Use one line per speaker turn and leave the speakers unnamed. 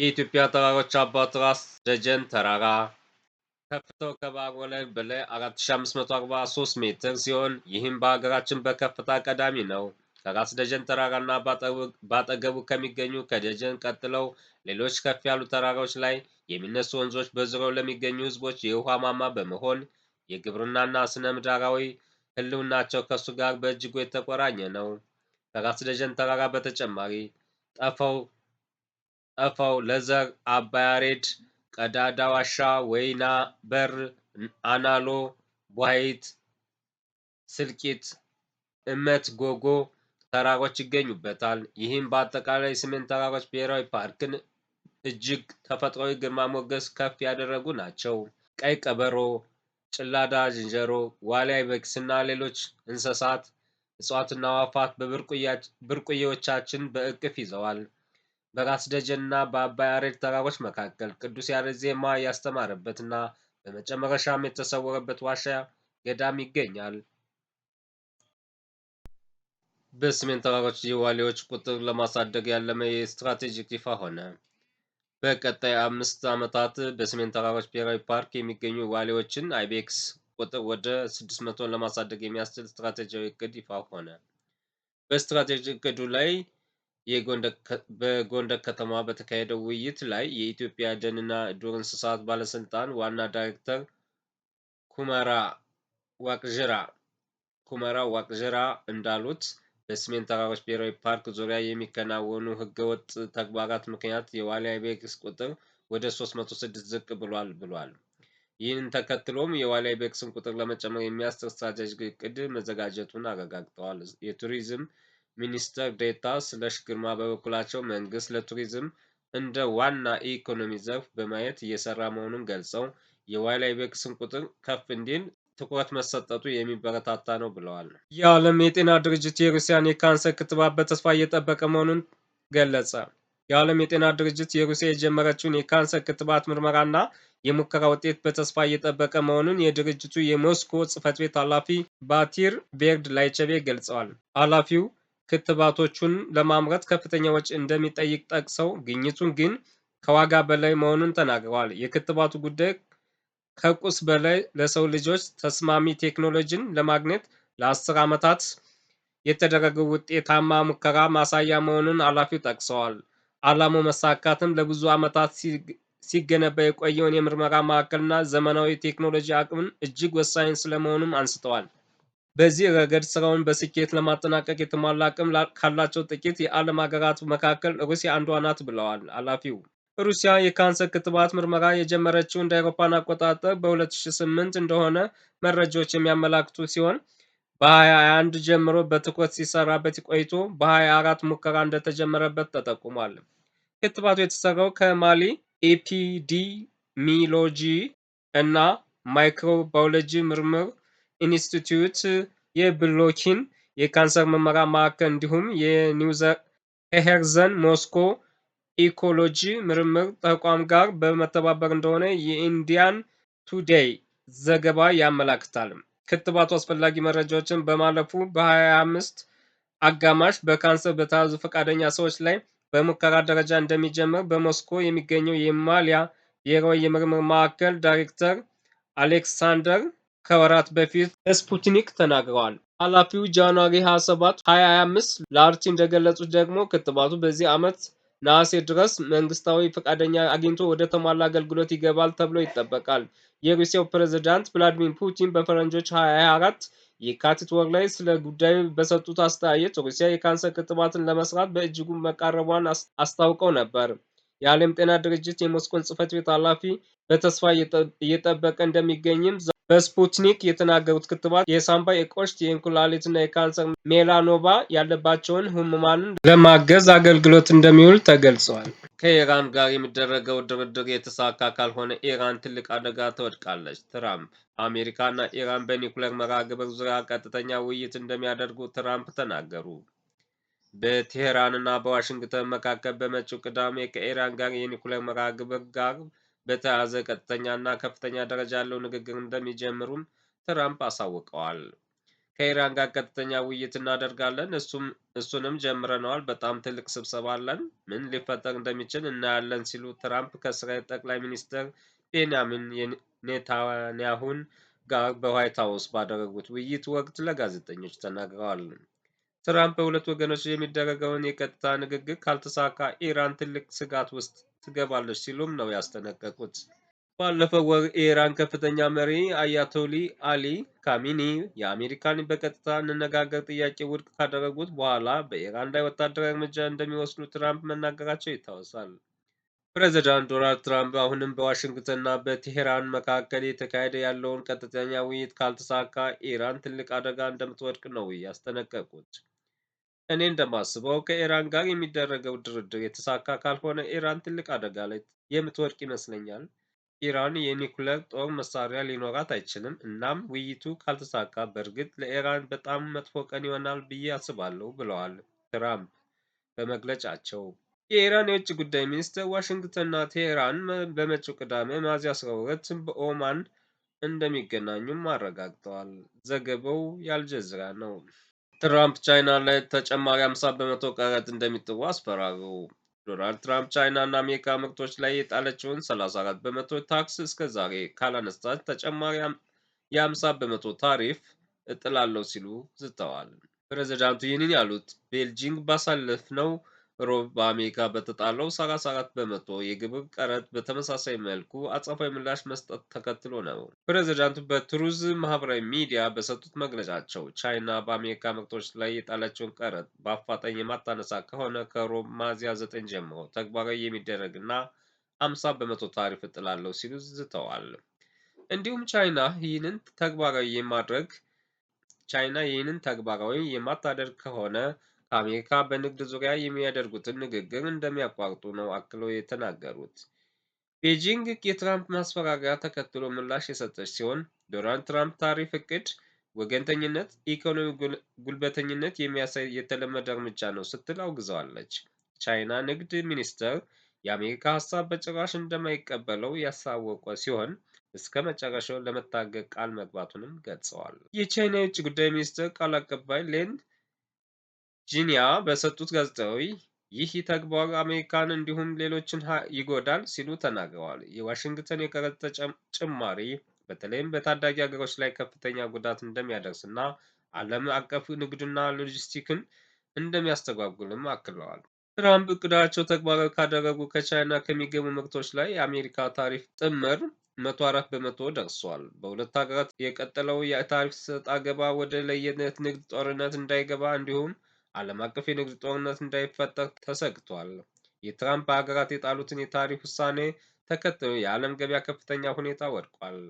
የኢትዮጵያ ተራሮች አባት ራስ ደጀን ተራራ ከፍታው ከባህር ወለል በላይ 4543 ሜትር ሲሆን ይህም በሀገራችን በከፍታ ቀዳሚ ነው። ከራስ ደጀን ተራራና በአጠገቡ ከሚገኙ ከደጀን ቀጥለው ሌሎች ከፍ ያሉ ተራራዎች ላይ የሚነሱ ወንዞች በዙሪያው ለሚገኙ ህዝቦች የውሃ ማማ በመሆን የግብርናና ስነ ምህዳራዊ ህልውናቸው ከእሱ ጋር በእጅጉ የተቆራኘ ነው። ከራስ ደጀን ተራራ በተጨማሪ ጠፈው ጠፋው ለዘር አባያሬድ ቀዳዳ ዋሻ ወይና በር አናሎ ቧይት ስልቂት እመት ጎጎ ተራሮች ይገኙበታል። ይህም በአጠቃላይ ስምንት ተራሮች ብሔራዊ ፓርክን እጅግ ተፈጥሯዊ ግርማ ሞገስ ከፍ ያደረጉ ናቸው። ቀይ ቀበሮ፣ ጭላዳ ዝንጀሮ፣ ዋልያ አይቤክስና ሌሎች እንስሳት፣ እጽዋትና አዕዋፋት በብርቅዬዎቻችን በእቅፍ ይዘዋል። በራስ ደጀንና በአባይ አሬድ ተራሮች መካከል ቅዱስ ያሬድ ዜማ ያስተማረበትና በመጨረሻም የተሰወረበት ዋሻ ገዳም ይገኛል። በስሜን ተራሮች የዋሌዎች ቁጥር ለማሳደግ ያለመ የስትራቴጂክ ይፋ ሆነ። በቀጣይ አምስት ዓመታት በሰሜን ተራሮች ብሔራዊ ፓርክ የሚገኙ ዋሌዎችን አይቤክስ ቁጥር ወደ 600 ለማሳደግ የሚያስችል ስትራቴጂያዊ እቅድ ይፋ ሆነ። በስትራቴጂ እቅዱ ላይ በጎንደር ከተማ በተካሄደው ውይይት ላይ የኢትዮጵያ ደንና ዱር እንስሳት ባለስልጣን ዋና ዳይሬክተር ኩመራ ዋቅዥራ ኩመራ ዋቅዥራ እንዳሉት በሰሜን ተራሮች ብሔራዊ ፓርክ ዙሪያ የሚከናወኑ ህገወጥ ተግባራት ምክንያት የዋሊያ ቤክስ ቁጥር ወደ 306 ዝቅ ብሏል ብሏል። ይህን ተከትሎም የዋልያ ቤክስን ቁጥር ለመጨመር የሚያስችል ስትራቴጂክ እቅድ መዘጋጀቱን አረጋግጠዋል። የቱሪዝም ሚኒስትር ዴታ ስለሽ ግርማ በበኩላቸው መንግስት ለቱሪዝም እንደ ዋና ኢኮኖሚ ዘርፍ በማየት እየሰራ መሆኑን ገልጸው የዋይላይ ቤክስን ቁጥር ከፍ እንዲል ትኩረት መሰጠቱ የሚበረታታ ነው ብለዋል። የዓለም የጤና ድርጅት የሩሲያን የካንሰር ክትባት በተስፋ እየጠበቀ መሆኑን ገለጸ። የዓለም የጤና ድርጅት የሩሲያ የጀመረችውን የካንሰር ክትባት ምርመራና የሙከራ ውጤት በተስፋ እየጠበቀ መሆኑን የድርጅቱ የሞስኮ ጽህፈት ቤት ኃላፊ ባቲር ቬርድ ላይቸቤ ገልጸዋል። ኃላፊው ክትባቶቹን ለማምረት ከፍተኛ ወጪ እንደሚጠይቅ ጠቅሰው ግኝቱን ግን ከዋጋ በላይ መሆኑን ተናግረዋል። የክትባቱ ጉዳይ ከቁስ በላይ ለሰው ልጆች ተስማሚ ቴክኖሎጂን ለማግኘት ለአስር ዓመታት የተደረገ ውጤታማ ሙከራ ማሳያ መሆኑን ኃላፊው ጠቅሰዋል። ዓላማው መሳካትም ለብዙ ዓመታት ሲገነባ የቆየውን የምርመራ ማዕከልና ዘመናዊ ቴክኖሎጂ አቅምን እጅግ ወሳኝ ስለመሆኑም አንስተዋል። በዚህ ረገድ ስራውን በስኬት ለማጠናቀቅ የተሟላ አቅም ካላቸው ጥቂት የዓለም ሀገራት መካከል ሩሲያ አንዷ ናት ብለዋል ኃላፊው። ሩሲያ የካንሰር ክትባት ምርመራ የጀመረችው እንደ አውሮፓን አቆጣጠር በ2008 እንደሆነ መረጃዎች የሚያመላክቱ ሲሆን በ2021 ጀምሮ በትኩረት ሲሰራበት ቆይቶ በ 24 ሙከራ እንደተጀመረበት ተጠቁሟል። ክትባቱ የተሰራው ከማሊ ኤፒዲሚሎጂ እና ማይክሮባዮሎጂ ምርምር ኢንስቲትዩት የብሎኪን የካንሰር ምርመራ ማዕከል እንዲሁም የኒውዘርሄርዘን ሞስኮ ኢኮሎጂ ምርምር ተቋም ጋር በመተባበር እንደሆነ የኢንዲያን ቱዴይ ዘገባ ያመላክታል። ክትባቱ አስፈላጊ መረጃዎችን በማለፉ በ25 አጋማሽ በካንሰር በተያዙ ፈቃደኛ ሰዎች ላይ በሙከራ ደረጃ እንደሚጀምር በሞስኮ የሚገኘው የማሊያ የሮይ የምርምር ማዕከል ዳይሬክተር አሌክሳንደር ከወራት በፊት ስፑትኒክ ተናግረዋል። ኃላፊው ጃንዋሪ 27 2025 ለአርቲ እንደገለጹት ደግሞ ክትባቱ በዚህ ዓመት ነሐሴ ድረስ መንግስታዊ ፈቃደኛ አግኝቶ ወደ ተሟላ አገልግሎት ይገባል ተብሎ ይጠበቃል። የሩሲያው ፕሬዝዳንት ቭላዲሚር ፑቲን በፈረንጆች 2024 የካቲት ወር ላይ ስለ ጉዳዩ በሰጡት አስተያየት ሩሲያ የካንሰር ክትባትን ለመስራት በእጅጉ መቃረቧን አስታውቀው ነበር። የዓለም ጤና ድርጅት የሞስኮን ጽህፈት ቤት ኃላፊ በተስፋ እየጠበቀ እንደሚገኝም በስፑትኒክ የተናገሩት ክትባት የሳምባ የቆሽት፣ የእንኩላሊትና የካንሰር ሜላኖባ ያለባቸውን ህሙማንን ለማገዝ አገልግሎት እንደሚውል ተገልጿል። ከኢራን ጋር የሚደረገው ድርድር የተሳካ ካልሆነ ኢራን ትልቅ አደጋ ተወድቃለች። ትራምፕ አሜሪካና ኢራን በኒኩሌር መርሃ ግብር ዙሪያ ቀጥተኛ ውይይት እንደሚያደርጉ ትራምፕ ተናገሩ። በቴህራንና በዋሽንግተን መካከል በመጪው ቅዳሜ ከኢራን ጋር የኒኩሌር መርሃ ግብር ጋር በተያያዘ ቀጥተኛና ከፍተኛ ደረጃ ያለው ንግግር እንደሚጀምሩም ትራምፕ አሳውቀዋል። ከኢራን ጋር ቀጥተኛ ውይይት እናደርጋለን፣ እሱንም ጀምረነዋል። በጣም ትልቅ ስብሰባ አለን፣ ምን ሊፈጠር እንደሚችል እናያለን ሲሉ ትራምፕ ከእስራኤል ጠቅላይ ሚኒስትር ቤንያሚን ኔታንያሁን ጋር በዋይት ሀውስ ባደረጉት ውይይት ወቅት ለጋዜጠኞች ተናግረዋል። ትራምፕ በሁለት ወገኖች የሚደረገውን የቀጥታ ንግግር ካልተሳካ ኢራን ትልቅ ስጋት ውስጥ ትገባለች ሲሉም ነው ያስጠነቀቁት። ባለፈው ወር የኢራን ከፍተኛ መሪ አያቶሊ አሊ ካሚኒ የአሜሪካን በቀጥታ እንነጋገር ጥያቄ ውድቅ ካደረጉት በኋላ በኢራን ላይ ወታደራዊ እርምጃ እንደሚወስዱ ትራምፕ መናገራቸው ይታወሳል። ፕሬዚዳንት ዶናልድ ትራምፕ አሁንም በዋሽንግተንና በቴሄራን መካከል የተካሄደ ያለውን ቀጥተኛ ውይይት ካልተሳካ ኢራን ትልቅ አደጋ እንደምትወድቅ ነው ያስጠነቀቁት። እኔ እንደማስበው ከኢራን ጋር የሚደረገው ድርድር የተሳካ ካልሆነ ኢራን ትልቅ አደጋ ላይ የምትወድቅ ይመስለኛል። ኢራን የኒኩለር ጦር መሳሪያ ሊኖራት አይችልም። እናም ውይይቱ ካልተሳካ በእርግጥ ለኢራን በጣም መጥፎ ቀን ይሆናል ብዬ አስባለሁ ብለዋል ትራምፕ በመግለጫቸው። የኢራን የውጭ ጉዳይ ሚኒስትር ዋሽንግተንና ቴሄራን በመጪው ቅዳሜ ሚያዝያ 12 በኦማን እንደሚገናኙም አረጋግጠዋል። ዘገባው የአልጀዚራ ነው። ትራምፕ ቻይና ላይ ተጨማሪ 50 በመቶ ቀረጥ እንደሚጥሉ አስፈራሩ። ዶናልድ ትራምፕ ቻይና እና አሜሪካ ምርቶች ላይ የጣለችውን 34 በመቶ ታክስ እስከ ዛሬ ካላነሳች ተጨማሪ የ50 በመቶ ታሪፍ እጥላለሁ ሲሉ ዝተዋል። ፕሬዚዳንቱ ይህንን ያሉት ቤልጂንግ ባሳለፍነው ሮብ በአሜሪካ በተጣለው 34 በመቶ የግብር ቀረጥ በተመሳሳይ መልኩ አጸፋዊ ምላሽ መስጠት ተከትሎ ነው። ፕሬዚዳንቱ በትሩዝ ማህበራዊ ሚዲያ በሰጡት መግለጫቸው ቻይና በአሜሪካ ምርቶች ላይ የጣለችውን ቀረጥ በአፋጣኝ የማታነሳ ከሆነ ከሮብ ሚያዝያ 9 ጀምሮ ተግባራዊ የሚደረግና 50 በመቶ ታሪፍ እጥላለሁ ሲሉ ዝተዋል። እንዲሁም ቻይና ይህንን ተግባራዊ የማድረግ ቻይና ይህንን ተግባራዊ የማታደርግ ከሆነ አሜሪካ በንግድ ዙሪያ የሚያደርጉትን ንግግር እንደሚያቋርጡ ነው አክለው የተናገሩት። ቤጂንግ የትራምፕ ማስፈራሪያ ተከትሎ ምላሽ የሰጠች ሲሆን ዶናልድ ትራምፕ ታሪፍ እቅድ ወገንተኝነት፣ ኢኮኖሚ ጉልበተኝነት የሚያሳይ የተለመደ እርምጃ ነው ስትል አውግዘዋለች። ቻይና ንግድ ሚኒስቴር የአሜሪካ ሀሳብ በጭራሽ እንደማይቀበለው ያሳወቀ ሲሆን እስከ መጨረሻው ለመታገቅ ቃል መግባቱንም ገልጸዋል። የቻይና የውጭ ጉዳይ ሚኒስቴር ቃል አቀባይ ሌን ጂኒያ በሰጡት ጋዜጣዊ ይህ ተግባር አሜሪካን እንዲሁም ሌሎችን ይጎዳል ሲሉ ተናግረዋል። የዋሽንግተን የቀረጥ ጭማሪ በተለይም በታዳጊ ሀገሮች ላይ ከፍተኛ ጉዳት እንደሚያደርስና ዓለም አቀፍ ንግድና ሎጂስቲክን እንደሚያስተጓጉልም አክለዋል። ትራምፕ እቅዳቸው ተግባራዊ ካደረጉ ከቻይና ከሚገቡ ምርቶች ላይ የአሜሪካ ታሪፍ ጥምር መቶ አራት በመቶ ደርሷል። በሁለት ሀገራት የቀጠለው የታሪፍ ሰጥ አገባ ወደ ለየነት ንግድ ጦርነት እንዳይገባ እንዲሁም ዓለም አቀፍ የንግድ ጦርነት እንዳይፈጠር ተሰግቷል። የትራምፕ በሀገራት የጣሉትን የታሪፍ ውሳኔ ተከትሎ የዓለም ገበያ ከፍተኛ ሁኔታ ወድቋል።